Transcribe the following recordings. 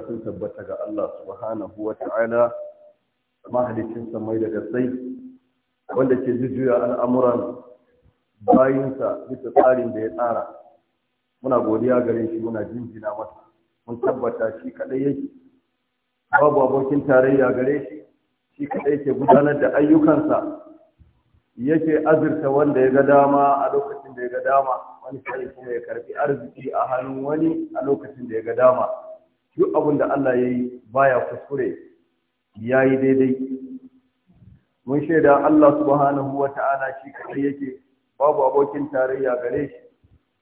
sun tabbata ga Allah subhanahu wa ta'ala mahalicin samai da gasai wanda ke jujjuya al'amuran bayinsa bisa tsarin da ya tsara muna godiya gare shi muna jinjina masa mun tabbata shi kadai yake babu abokin tarayya gare shi shi kadai ke gudanar da ayyukansa yake azurta wanda ya ga dama a lokacin da ya ga dama wani shari'a kuma ya karbi arziki a hannun wani a lokacin da ya ga dama duk abin da Allah ya yi baya kuskure ya yi daidai mun shaida Allah subhanahu wa ta'ala shi kadai yake babu abokin tarayya gare shi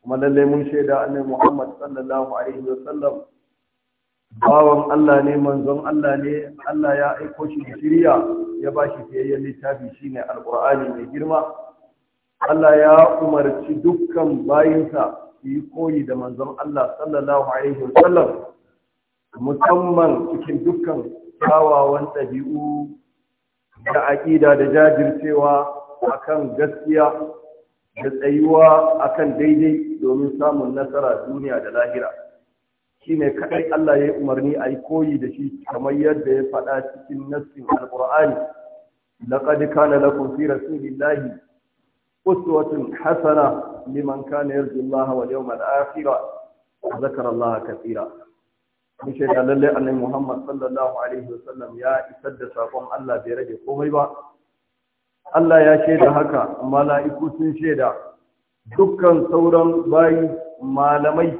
kuma lallai mun shaida annabi Muhammad sallallahu alaihi wa sallam bawan Allah ne manzon Allah ne Allah ya aiko shi da shiriya ya ba shi fiyayyen littafi shine alqur'ani mai girma Allah ya umarci dukkan bayinsa su yi koyi da manzon Allah sallallahu alaihi wa sallam musamman cikin dukkan kyawawan ɗabi'u da aƙida da jajircewa akan gaskiya da tsayuwa akan daidai domin samun nasara duniya da lahira shine kaɗai Allah ya yi umarni a yi koyi da shi kamar yadda ya faɗa cikin nassin alƙur'ani laqad kana lakum fi rasulillahi uswatun hasana liman kana yarju Allah wal yawmal akhir wa zakara Allah kathira mun shaida lalle annabi Muhammad sallallahu alaihi wasallam ya isar da sakon Allah bai rage komai ba Allah ya shaida haka mala'iku sun shaida dukkan sauran bayi malamai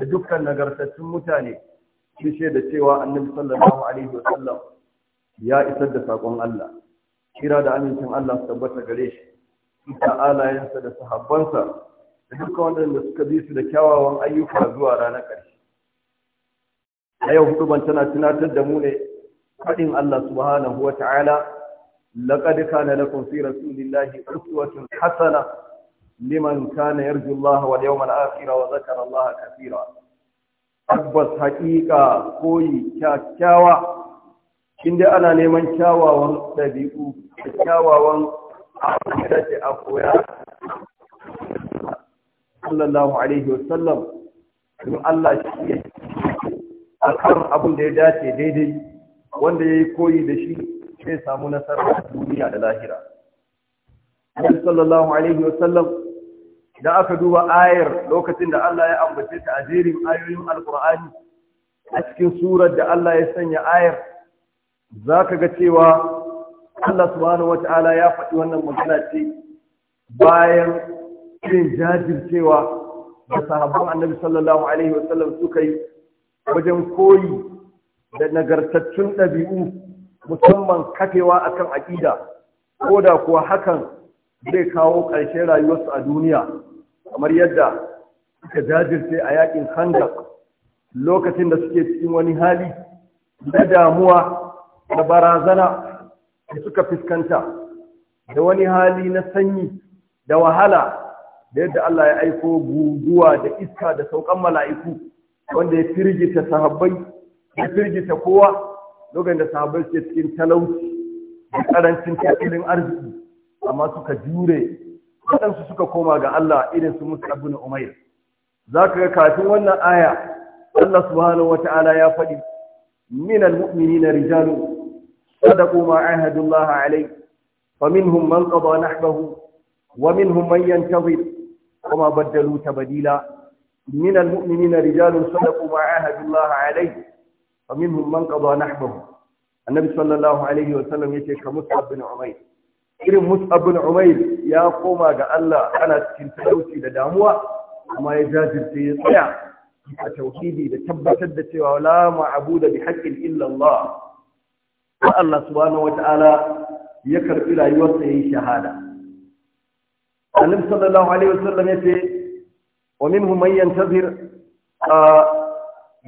da dukkan nagartattun mutane sun shaida cewa annabi sallallahu alaihi wasallam ya isar da sakon Allah kira da amincin Allah su tabbata gare shi ita alayensa da sahabbansa da dukkan wanda suka bi su da kyawawan ayyuka zuwa ranar ƙarshe a yau hudu ban tana tunatar da mu ne faɗin Allah subhanahu wa ta'ala laqad kana lakum fi rasulillahi uswatun hasana liman kana yarju Allah wal mana akhir wa zakara Allah kathira tabbas haƙiƙa koyi kyakkyawa shi dai ana neman kyawawan ɗabi'u kyawawan abinci a koya sallallahu alaihi wasallam don Allah shi ya akan abun abin da ya dace daidai wanda ya yi koyi da shi zai samu nasara a duniya da lahira. Annabi sallallahu alaihi wa sallam idan aka duba ayar lokacin da Allah ya ambace ta a ayoyin Alƙur'ani a cikin surar da Allah ya sanya ayar zaka ga cewa Allah subhanahu wa ta'ala ya faɗi wannan magana ce bayan irin jajircewa da sahabban annabi sallallahu alaihi wa sallam suka yi wajen koyi da nagartattun ɗabi'u musamman kafewa akan aƙida ko da kuwa hakan zai kawo ƙarshen rayuwarsu a duniya kamar yadda suka jajirce a yaƙin hanga. lokacin da suke cikin wani hali na damuwa da barazana da suka fuskanta da wani hali na sanyi da wahala da yadda Allah ya aiko guguwa da iska da saukan mala'iku wanda ya firgita sahabbai ya firgita kowa lokacin da sahabbai suke cikin talauci da karancin tattalin arziki amma suka jure waɗansu suka koma ga Allah irin su Musa ibn Umair zaka ga kafin wannan aya Allah subhanahu wata'ala ya faɗi min almu'minina rijalun صدقوا ما عاهدوا الله عليه فمنهم من قضى نحبه ومنهم من ينتظر وما بدلوا تبديلا من المؤمنين رجال صدقوا ما عاهدوا الله عليه فمنهم من قضى نحبه النبي صلى الله عليه وسلم يتي كمصعب بن عمير irin Mus'ab bin Umair ya koma ga Allah ana cikin talauci da damuwa amma ya jajirce ya tsaya a tauhidi da tabbatar da cewa la ma'budu bi haqqin illa Allah wa Allah subhanahu wata'ala ya karbi rayuwarsa yayin shahada Annabi sallallahu alaihi wasallam ya ce wa minhum man yantazir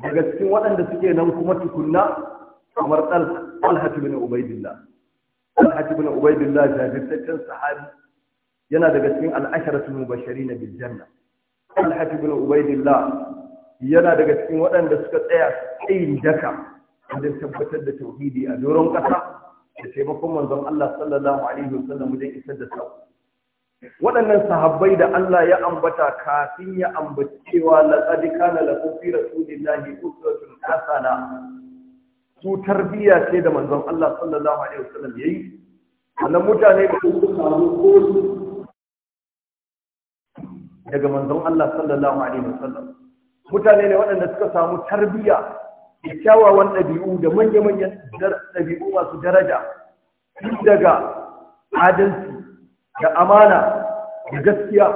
daga cikin waɗanda suke nan kuma tukunna kamar Talha ibn Ubaidillah Talha ibn Ubaidillah jajirtaccen sahabi yana daga cikin al-asharatu mubashirin bil janna Talha ibn Ubaidillah yana daga cikin waɗanda suka tsaya tsayin daka wajen tabbatar da tauhidi a doron ƙasa da taimakon manzon Allah sallallahu alaihi wasallam wajen isar da sako waɗannan sahabbai da Allah ya ambata kafin ya ambaci cewa laqad kana lakum fi rasulillahi uswatun hasana su tarbiya ce da manzon Allah sallallahu alaihi wasallam yayi wannan mutane da su samu ko su daga manzon Allah sallallahu alaihi wasallam mutane ne waɗanda suka samu tarbiya da kyawawan ɗabi'u da manya-manyan ɗabi'u masu daraja daga adalci da amana da gaskiya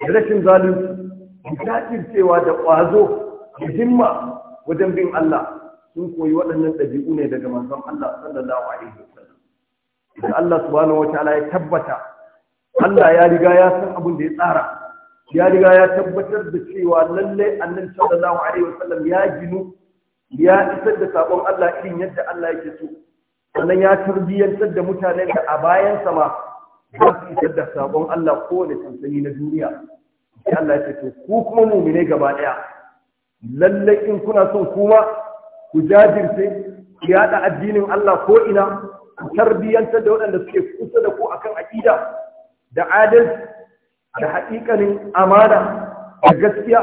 da rashin zalunci da jajircewa da ƙwazo da himma wajen bin Allah sun koyi waɗannan ɗabi'u ne daga manzon Allah sallallahu alaihi wasallam da Allah subhanahu wataala ya tabbata Allah ya riga ya san abin da ya tsara ya riga ya tabbatar da cewa lallai annabi sallallahu alaihi wasallam ya ginu ya isar da sabon Allah irin yadda Allah yake so sannan ya tarbiyyantar da mutanen da a bayan sama za su isar da sabon Allah kowane sansani na duniya sai Allah ya ce to ku kuma mumine gaba daya lallai in kuna son kuma ku jajirce ku yada addinin Allah ko ina ku tarbiyyanta da waɗanda suke kusa da ku akan aƙida da adalci da haƙiƙanin amana da gaskiya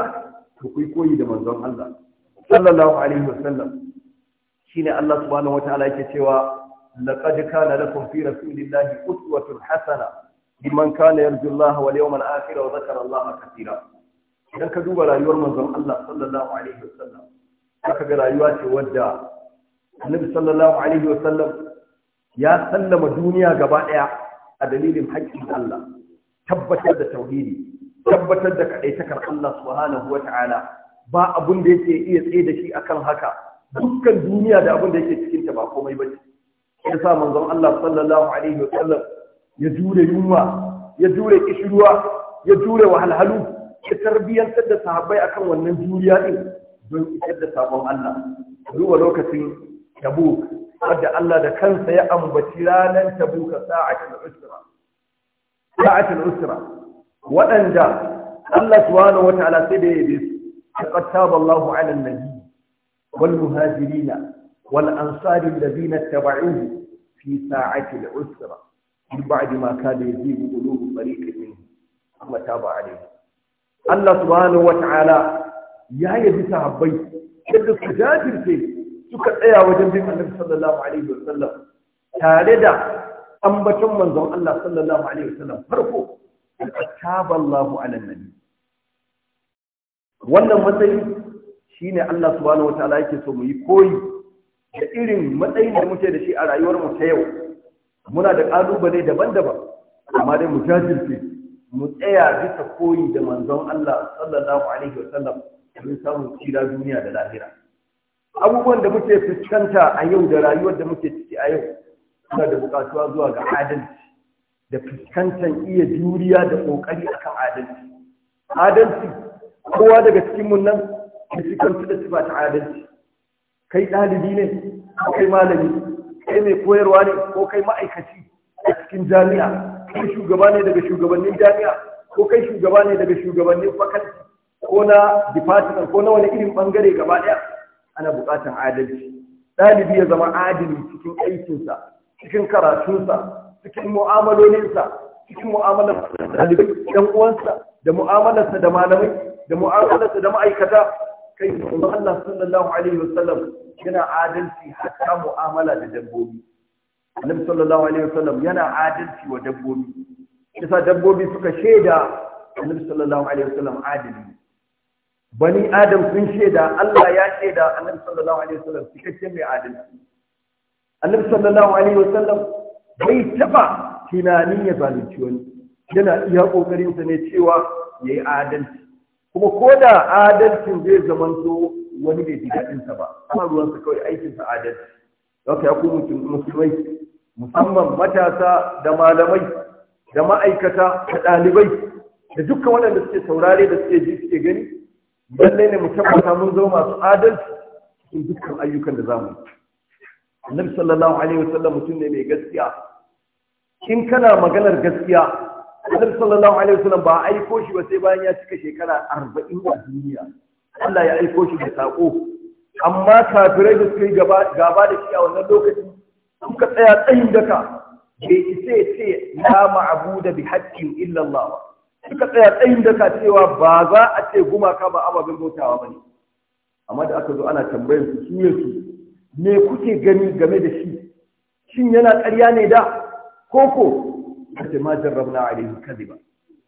ku yi koyi da manzon Allah sallallahu alaihi wasallam shine Allah subhanahu wataala yake cewa لقد كان لكم في رسول الله أسوة حسنة لمن كان يرجو الله واليوم الآخر وذكر الله كثيرا إذا كذوب رأيور منظم الله صلى الله عليه وسلم haka rayuwa ce wadda annabi sallallahu alaihi wa sallam ya sallama duniya gaba ɗaya a dalilin haƙƙin Allah tabbatar da tauhidi tabbatar da kaɗaitakar Allah subhanahu wa ta'ala ba abun da yake iya tse da shi akan haka dukkan duniya da abun da yake cikin ta ba komai ba bace ya sa manzon Allah sallallahu alaihi wa sallam ya jure yunwa ya jure kishirwa ya jure wahalhalu ya tarbiyantar da sahabbai akan wannan juriya din don isar da sabon Allah zuwa lokacin tabuk wadda Allah da kansa ya ambaci ranar tabuk sa'atul usra sa'atul usra waɗanda Allah subhanahu wataala sai da ya yi su laqad taba Allahu 'ala an-nabi wal muhajirina والأنصار الذين اتبعوه في ساعة العسرة من بعد ما كان يزيد قلوب فريق منهم ثم تاب عليهم الله سبحانه وتعالى يا يدي صحابي yadda su jajirce suka tsaya wajen bin annabi sallallahu alaihi sallam. tare da ambaton manzon Allah sallallahu alaihi sallam, farko taballahu ala nabi wannan matsayi shine Allah subhanahu wataala yake so mu yi koyi da irin matsayin da muke da shi a rayuwar mu ta yau muna da ƙalubale daban-daban amma dai mu jajirce mu tsaya bisa koyi da manzon Allah sallallahu alaihi wa sallam domin samun tsira duniya da lahira abubuwan da muke fuskanta a yau da rayuwar da muke ciki a yau suna da bukatuwa zuwa ga adalci da fuskantar iya juriya da kokari akan adalci adalci kowa daga cikin mun nan ya fi da sifa ta adalci kai ɗalibi ne ko kai malami kai mai koyarwa ne ko kai ma'aikaci a cikin jami'a kai shugaba ne daga shugabannin jami'a ko kai shugaba ne daga shugabannin fakalti ko na department ko na wani irin bangare gaba daya? ana bukatan adalci ɗalibi ya zama adali cikin aikinsa cikin karatunsa cikin mu'amalolinsa cikin mu'amalar ɗalibai ɗan uwansa da mu'amalarsa da malamai da mu'amalarsa da ma'aikata kai Allah sallallahu alaihi wasallam yana adalci hatta mu'amala da dabbobi annabi sallallahu alaihi wasallam yana adalci wa dabbobi yasa dabbobi suka shaida annabi sallallahu alaihi wasallam adali bani adam sun shaida Allah ya shaida annabi sallallahu alaihi wasallam cikakken mai adalci annabi sallallahu alaihi wasallam bai taba tunanin ya zalunci wani yana iya kokarin sa ne cewa yayi adalci kuma ko da adalcin zai zamanto wani bai ji daɗinsa ba kuma sa kawai aikinsa adalci haka ya kuma musulmai musamman matasa da malamai da ma'aikata da ɗalibai da dukkan waɗanda suke saurare da suke ji suke gani lallai ne mu tabbata mun zama masu adalci cikin dukkan ayyukan da zamu yi annabi sallallahu alaihi wasallam mutum ne mai gaskiya in kana maganar gaskiya annabi sallallahu alaihi wasallam ba aiko shi ba sai bayan ya cika shekara arba'in a duniya Allah ya aiko shi da sako amma kafirai da suka yi gaba da shi a wannan lokacin suka tsaya tsayin daka bai isa ce la ma'budu bi haqqin illa Allah suka tsaya tsayin daka cewa ba za a ce gumaka ba ababen bautawa bane amma da aka zo ana tambayar su su su me kuke gani game da shi shin yana ƙarya ne da koko ce ma jarrabna alaihi kadhiba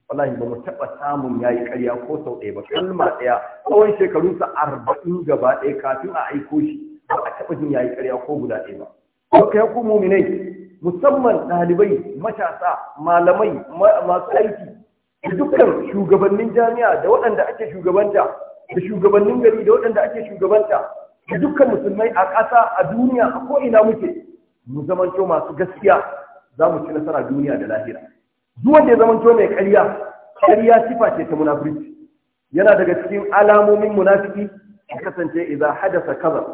wallahi ba mu taɓa samun yayi ƙarya ko sau ɗaya ba kalma ɗaya tsawon shekarunsa arba'in gaba ɗaya kafin a aiko shi ba a taɓa jin yayi ƙarya ko guda ɗaya ba haka ya ku muminai musamman ɗalibai matasa malamai masu aiki da dukkan shugabannin jami'a da waɗanda ake shugabanta da shugabannin gari da waɗanda ake shugabanta da dukkan musulmai a ƙasa a duniya a ko'ina muke mu zamanto masu gaskiya za mu ci nasara duniya da lahira duk wanda ya zamanto mai ƙarya ƙarya sifa ce ta munafurci yana daga cikin alamomin munafiki ya kasance idan hadasa kaza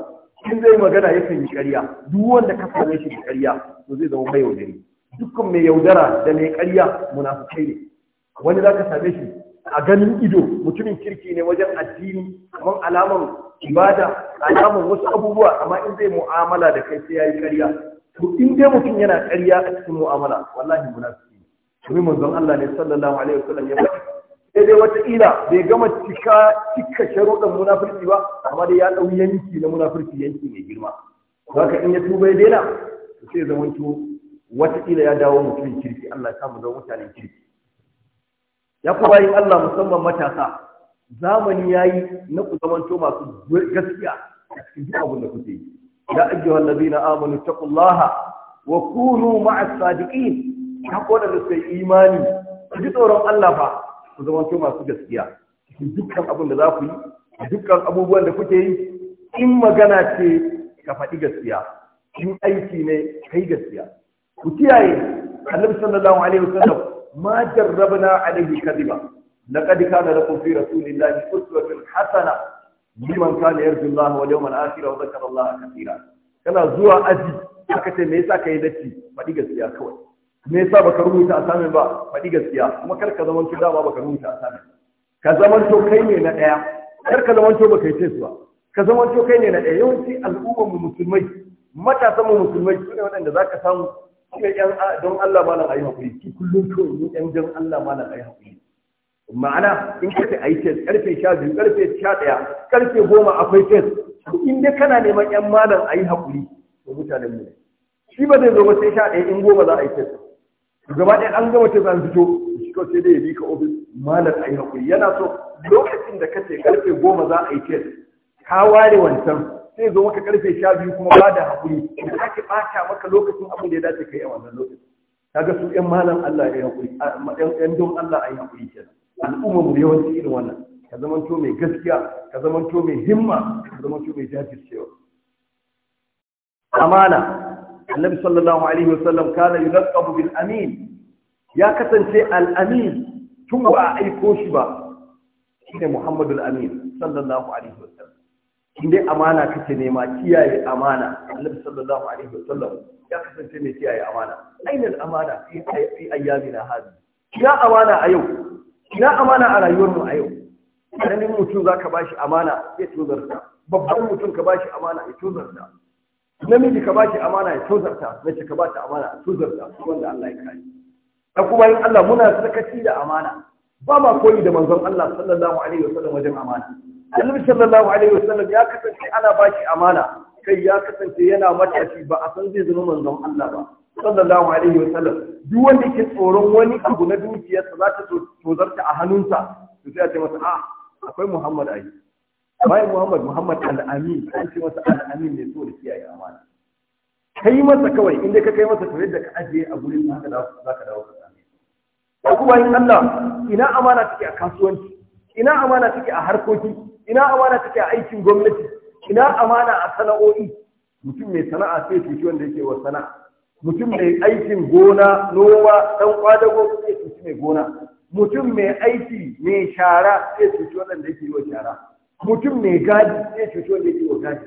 in zai magana yakan yi ƙarya duk wanda ka same shi da ƙarya to zai zama mai yaudari dukkan mai yaudara da mai ƙarya munafikai ne wani za ka same shi a ganin ido mutumin kirki ne wajen addini kamar alamar ibada alaman wasu abubuwa amma in zai mu'amala da kai sai ya yi ƙarya to in dai mutum yana ƙarya a cikin mu'amala wallahi munafiki domin manzon Allah ne sallallahu alaihi wasallam ya faɗi sai dai wata ila bai gama cika cika sharuɗan munafurci ba amma dai ya ɗau yanki na munafurci yanki mai girma haka in ya tuba ya daina sai zamanto wata ila ya dawo mutumin kirki Allah ya samu zama mutanen kirki ya kuma yin Allah musamman matasa zamani yayi na ku zamanto masu gaskiya a cikin duk abin da kuke yi ya ayyuhal ladina amanu taqullaha wa kunu ma'a sadiqin haka wadanda suka yi imani ku ji tsoron Allah ba, ku zama to masu gaskiya dukkan abin da za ku yi dukkan abubuwan da kuke yi in magana ce ka faɗi gaskiya in aiki ne ka yi gaskiya ku kiyaye annabi sallallahu alaihi wasallam ma jarrabna alaihi kadiba laqad kana lakum fi rasulillahi uswatun hasana liman kana yarju Allah wal yawmal akhir wa dhakara Allah kathira kana zuwa aji aka ce me yasa kai dace faɗi gaskiya kawai me yasa baka rubuta assignment ba faɗi gaskiya kuma kar ka zamanto dama baka rubuta assignment ka zamanto kai ne na ɗaya kar ka zamanto baka yi test ba ka zamanto kai ne na ɗaya yawanci al'ummar mu musulmai matasan mu musulmai su ne waɗanda za ka samu su yan don Allah malam ayi hakuri ki kullum to ni yan don Allah malam ayi hakuri ma'ana in kace ayi test karfe sha biyu karfe sha ɗaya karfe goma akwai test in dai kana neman yan malam ayi hakuri to mutanen mu shi ba zai zo ba sai sha ɗaya in goma za a yi test gaba ɗaya an gama ta zan fito shi kawai sai dai ya bi ka ofis malar a yi hakuri yana so lokacin da ka ce karfe goma za a yi tes ka ware wancan sai zo maka karfe sha biyu kuma ba da hakuri da sake ɓata maka lokacin abin da ya dace ka yi a wannan lokacin kaga su ƴan malam Allah ya yi hakuri ƴan don Allah a yi hakuri kenan al'umma mu yawanci irin wannan ka zamanto mai gaskiya ka zamanto mai himma ka zamanto mai jajircewa amana annabi sallallahu alaihi wasallam kana yulqabu bil amin ya kasance al amin tun ba a aiko shi ba shine muhammadu al amin sallallahu alaihi wasallam indai amana kake nema kiyaye amana annabi sallallahu alaihi wasallam ya kasance mai kiyaye amana aina al amana fi ayyamina hadi ya amana a yau ya amana a rayuwarmu a yau karamin mutum zaka bashi amana ya tozarta babban mutum ka bashi amana ya tozarta namiji ka baki amana ya tozarta mace ka bata amana ya tozarta su wanda Allah ya kare da kuma yin Allah muna sarkaci da amana ba ma koyi da manzon Allah sallallahu alaihi wasallam wajen amana Annabi sallallahu alaihi wasallam ya kasance ana baki amana kai ya kasance yana matashi ba a san zai zama manzon Allah ba sallallahu alaihi wasallam duk wanda ke tsoron wani abu na dukiyarsa za ta tozarta a hannunsa to sai a ce masa a ah, akwai Muhammad ayi bayan muhammad muhammad al'amin an ce masa al'amin ne so da kiyaye amana kai masa kawai inda ka kai masa to yadda ka ajiye a gurin haka za ka dawo ka sami ko kuma in Allah ina amana take a kasuwanci ina amana take a harkoki ina amana take a aikin gwamnati ina amana a sana'o'i mutum mai sana'a sai cuci wanda yake wa sana'a mutum mai aikin gona nowa dan kwadago sai cuci mai gona mutum mai aiki mai shara sai cuci wanda yake wa shara mutum mai gadi zai cuto da yi wa gadi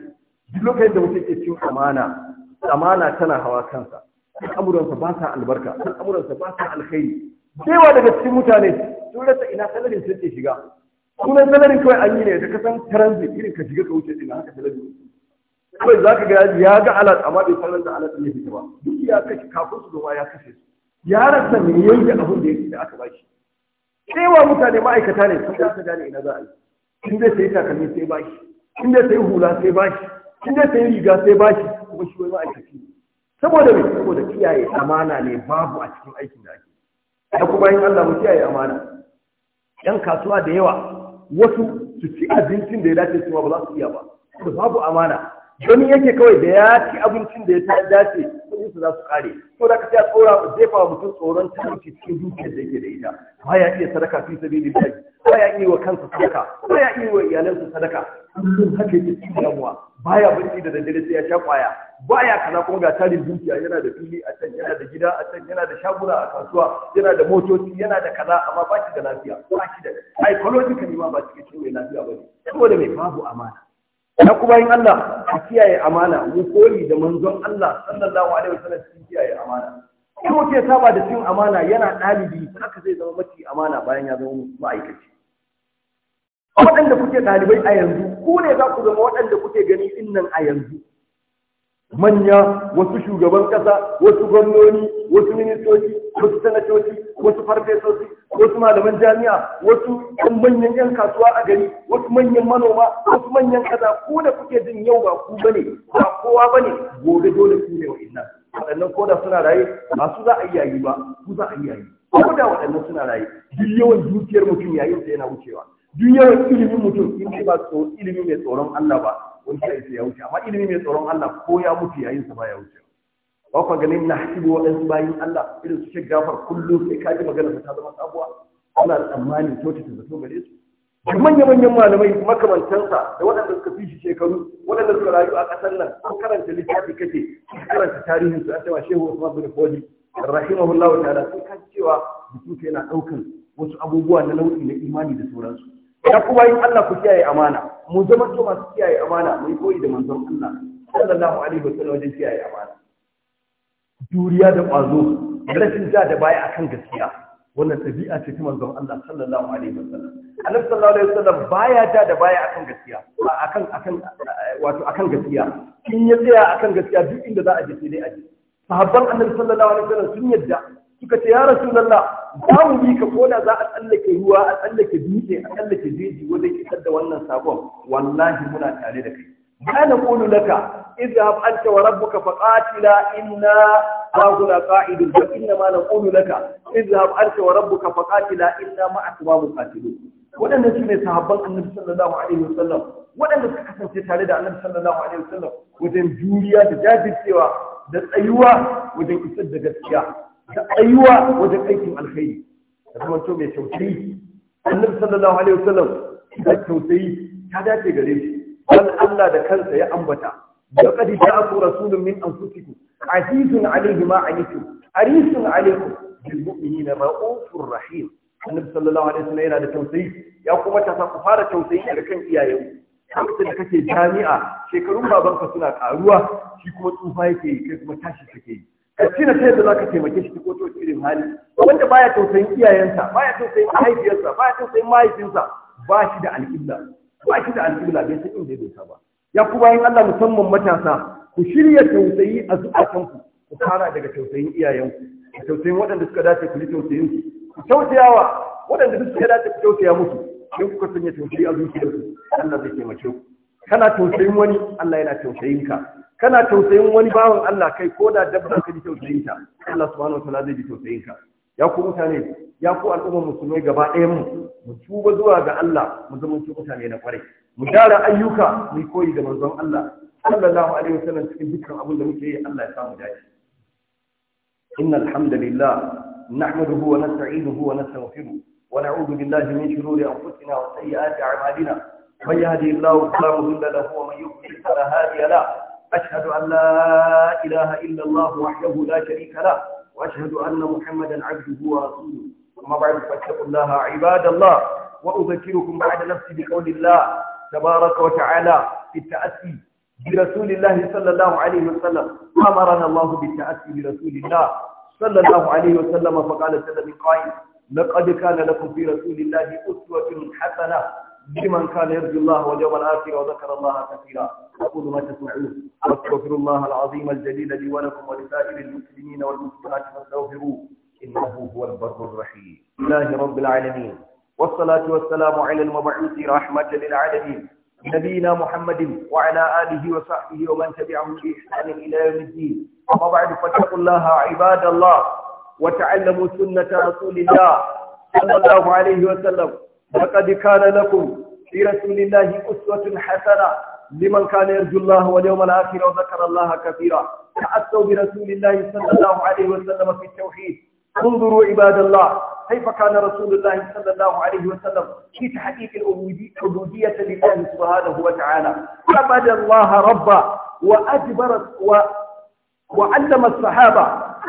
duk lokacin da mutum ke cin amana amana tana hawa kansa amuransa ba sa albarka amuransa ba sa alkhairi Cewa daga cikin mutane sun rasa ina sanarin sun ke shiga sunan sanarin kawai an yi ne da kasan transit irin ka shiga ka wuce ina haka salarin kawai za ka ga ya ga alat amma bai sanar da alat ne fita ba duk ya kashe kafin su zama ya kashe su ya rasa mai da abin da ya da aka bashi Cewa mutane ma'aikata ne sun sa gane ina za a yi in zai sai takalmi sai ba shi in sai hula sai ba shi in sai riga sai ba shi kuma shi wai ma'aikaci ne saboda mai saboda kiyaye amana ne babu a cikin aikin da ake da kuma yin Allah mu kiyaye amana yan kasuwa da yawa wasu su ci abincin da ya dace su ba za su iya ba babu amana wani yake kawai da ya ci abincin da ya dace kuɗin su za su kare to da ka sai tsora ba jefa fawa mutum tsoron talauci cikin dukiyar da yake da ita ba ya iya sadaka fi biyar ba ya iya wa kansa sadaka ba ya iya wa iyalansa sadaka kullum haka yake cikin damuwa ya barci da daddare sai ya sha kwaya ya kana kuma ga tarin dukiya yana da fili a can yana da gida a can yana da shaguna a kasuwa yana da motoci yana da kaza amma ba shi da lafiya ba shi da psychologically ma ba shi cikin mai lafiya ba ne saboda mai babu amana na kuma yin Allah a kiyaye amana mu koyi da manzon Allah sallallahu alaihi wasallam cikin kiyaye amana in ke saba da cin amana yana ɗalibi haka zai zama mafi amana bayan ya zama ma'aikaci waɗanda kuke ɗalibai a yanzu ku ne za ku zama waɗanda kuke gani innan a yanzu manya wasu shugaban kasa wasu gwamnoni wasu ministoci wasu sanatoci wasu farfesoci wasu malaman jami'a wasu manyan yan kasuwa a gari wasu manyan manoma wasu manyan kaza ko da kuke jin yau ba ku bane ba kowa bane gobe dole su ne wa'annan waɗannan ko da suna raye ba su za a yi yayi ba ku za a yi yayi ko da waɗannan suna raye duk yawan dukiyar mutum yayin sa yana wucewa duk yawan ilimin mutum in ba ilimi mai tsoron Allah ba wanke ya ce ya wuce amma ilimi mai tsoron Allah ko ya mutu yayin sa ba ya wuce ba ku ganin na hasibu waɗansu bayin Allah irin su shek gafar kullum sai ka ji magana ta zama sabuwa ana tsammanin coci zato gare su duk manya-manyan malamai makamantansa da waɗanda suka fi shi shekaru waɗanda suka rayu a ƙasar nan an karanta littafi kake karanta tarihin su an cewa shehu usman bin fodi rahimahullahu ta'ala sai ka cewa jikinka yana ɗaukan wasu abubuwa na nau'i na imani da sauransu ya kuma yin Allah ku kiyaye amana mu zama to masu kiyaye amana mu yi koyi da manzon Allah sallallahu alaihi wasallam wajen kiyaye amana juriya da ƙwazo rashin ja da baya akan gaskiya wannan tabi'a ce ta manzon Allah sallallahu alaihi wasallam annabi sallallahu alaihi wasallam baya ja da baya akan gaskiya akan akan wato akan gaskiya in ya tsaya akan gaskiya duk inda za a je sai dai a je sahabban annabi sallallahu alaihi wasallam sun yadda suka ce ya lalla. za mu bi ka kona za a tsallake ruwa a tsallake dutse a tsallake jeji wajen isar da wannan sabon wallahi muna tare da kai ma na qulu laka idhab anta wa rabbuka faqatila inna hahuna qa'idun fa inna ma na qulu laka idhab anta wa rabbuka faqatila inna ma'akum muqatilun waɗannan su ne sahabban annabi sallallahu alaihi wasallam waɗanda suka kasance tare da annabi sallallahu alaihi wasallam wajen juriya da jajircewa da tsayuwa wajen isar da gaskiya da tsayuwa wajen aikin alkhairi da kuma to mai tausayi annabi sallallahu alaihi wasallam da tausayi ta dace gare shi wani Allah da kansa ya ambata ta aku rasulun min anfusikum azizun alayhi ma anitum harisun alaikum bil mu'minina ra'ufur rahim annabi sallallahu alaihi wasallam yana da tausayi ya kuma ta sa ku fara tausayi daga kan iyayen lokacin da kake jami'a shekarun babanka suna karuwa shi kuma tsufa yake kai kuma tashi kake yi ka cire ta yadda za ka taimake shi ko to irin hali wanda baya tausayin iyayensa baya tausayin mahaifiyarsa baya tausayin mahaifinsa ba shi da alƙibla ba shi da alƙibla bai san inda ya dosa ba ya ku bayan Allah musamman matasa ku shirya tausayi a zuƙatanku ku fara daga tausayin iyayenku ku tausayin waɗanda suka dace ku yi tausayin su ku tausayawa waɗanda duk suka dace ku tausaya musu in kuka sanya tausayi a zuciyarku Allah zai taimake ku kana tausayin wani Allah yana tausayin ka kana tausayin wani bawan Allah kai ko da dabba ka ji tausayin ta Allah subhanahu wataala zai ji tausayin ka ya ku mutane ya ku al'ummar musulmai gaba ɗayan mu mu tuba zuwa ga Allah mu zama mutane na kwarai mu gyara ayyuka mu koyi da manzon Allah sallallahu alaihi wasallam cikin dukkan abin da muke yi Allah ya samu dace innal hamdalillah nahmaduhu wa nasta'inuhu wa nastaghfiruh wa na'udhu billahi min shururi anfusina wa sayyiati a'malina man yahdihillahu fala mudilla lahu wa man yudlil fala hadiya lahu أشهد أن لا إله إلا الله وحده لا شريك له وأشهد أن محمدا عبده ورسوله أما بعد فاتقوا الله عباد الله وأذكركم بعد نفسي بقول الله تبارك وتعالى في التأسي برسول الله صلى الله عليه وسلم أمرنا الله بالتأسي برسول الله صلى الله عليه وسلم فقال سلم قائل لقد كان لكم في رسول الله أسوة حسنة لمن كان يرجو الله واليوم الآخر وذكر الله كثيرا أقول ما تسمعون واستغفروا الله العظيم الجليل لي ولكم ولسائر المسلمين والمسلمات فاستغفروه إنه هو البر الرحيم الله رب العالمين والصلاة والسلام على المبعوث رحمة للعالمين نبينا محمد وعلى آله وصحبه ومن تبعهم بإحسان إلى يوم الدين أما بعد فاتقوا الله عباد الله وتعلموا سنة رسول الله صلى الله عليه وسلم لقد كان لكم في رسول الله أسوة حسنة لمن كان يرجو الله واليوم الآخر وذكر الله كثيرا تأسوا برسول الله صلى الله عليه وسلم في التوحيد انظروا عباد الله كيف كان رسول الله صلى الله عليه وسلم في تحقيق العبودية لله سبحانه وتعالى عبد الله ربا وأجبر و... وعلم الصحابة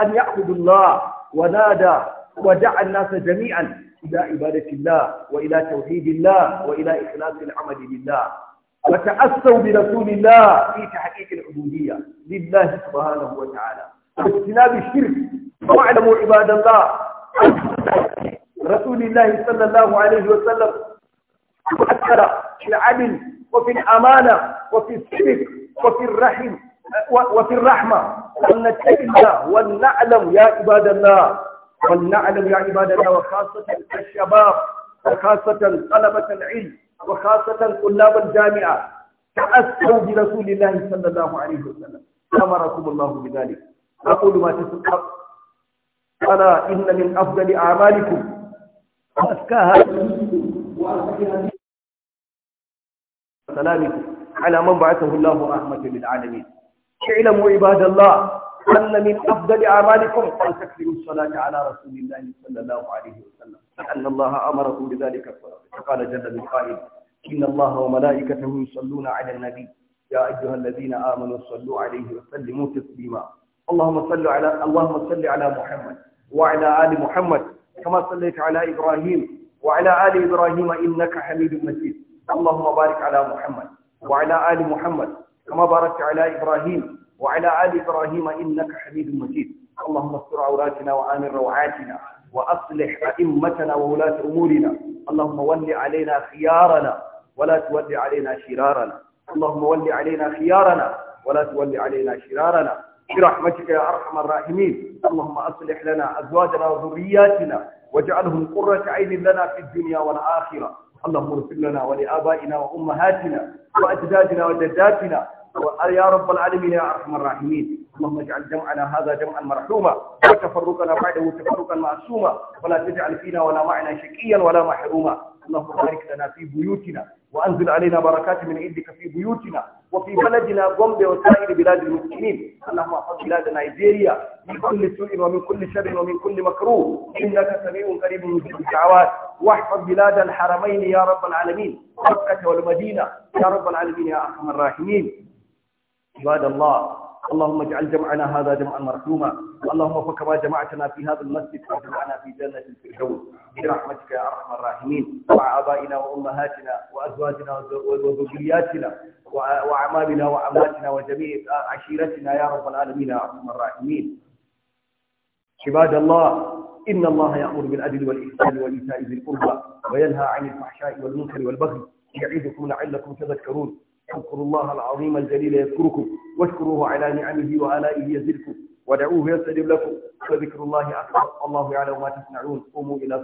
أن يعبدوا الله ونادى ودعا الناس جميعا إلى عبادة الله وإلى توحيد الله وإلى إخلاص العمل لله وتأسوا برسول الله في تحقيق العبودية لله سبحانه وتعالى واجتناب الشرك واعلموا عباد الله رسول الله صلى الله عليه وسلم أكثر في العدل وفي الأمانة وفي الشرك وفي الرحم وفي الرحمة أن نتقي الله ولنعلم يا عباد الله ولنعلم يا عباد الله وخاصة الشباب وخاصة طلبة العلم وخاصة طلاب الجامعة تأسوا برسول الله صلى الله عليه وسلم أمركم الله بذلك أقول ما تسبق ألا إن من أفضل أعمالكم وأزكاها سلامكم على من بعثه الله رحمة للعالمين اعلموا عباد الله أن من أفضل أعمالكم أن تكفروا الصلاة على رسول الله صلى الله عليه وسلم لأن الله أمره بذلك فقال جل من قائل إن الله وملائكته يصلون على النبي يا أيها الذين آمنوا صلوا عليه وسلموا تسليما اللهم صل على اللهم صل على محمد وعلى آل محمد كما صليت على إبراهيم وعلى آل إبراهيم إنك حميد مجيد اللهم بارك على محمد وعلى آل محمد كما باركت على إبراهيم وعلى آل إبراهيم إنك حميد مجيد اللهم استر عوراتنا وآمن روعاتنا وأصلح أئمتنا وولاة أمورنا اللهم ول علينا خيارنا ولا تول علينا شرارنا اللهم ول علينا خيارنا ولا تول علينا شرارنا برحمتك يا أرحم الراحمين اللهم أصلح لنا أزواجنا وذرياتنا واجعلهم قرة عين لنا في الدنيا والآخرة اللهم اغفر لنا ولآبائنا وأمهاتنا وأجدادنا وجداتنا يا رب العالمين يا ارحم الراحمين اللهم اجعل جمعنا هذا جمعا مرحوما وتفرقنا بعده تفرقا معصوما ولا تجعل فينا ولا معنا شقيا ولا محروما اللهم بارك لنا في بيوتنا وانزل علينا بركات من عندك في بيوتنا وفي بلدنا غومبي وسائر بلاد المسلمين اللهم احفظ بلاد نيجيريا من كل سوء ومن كل شر ومن كل مكروه انك سميع قريب مجيب الدعوات واحفظ بلاد الحرمين يا رب العالمين مكه والمدينه يا رب العالمين يا ارحم الراحمين عباد الله اللهم اجعل جمعنا هذا جمعا مرحوما اللهم فكما جمعتنا في هذا المسجد فاجمعنا في جنة الفردوس برحمتك يا ارحم الراحمين مع ابائنا وامهاتنا وازواجنا وذرياتنا واعمالنا وعماتنا وجميع عشيرتنا يا رب العالمين يا ارحم الراحمين عباد الله إن الله يأمر بالعدل والإحسان وإيتاء ذي القربى وينهى عن الفحشاء والمنكر والبغي يعظكم لعلكم تذكرون اذكروا الله العظيم الجليل يذكركم واشكروه على نعمه وآلائه يزدكم ودعوه يستجب لكم فذكر الله أكبر الله يعلم ما تصنعون قوموا إلى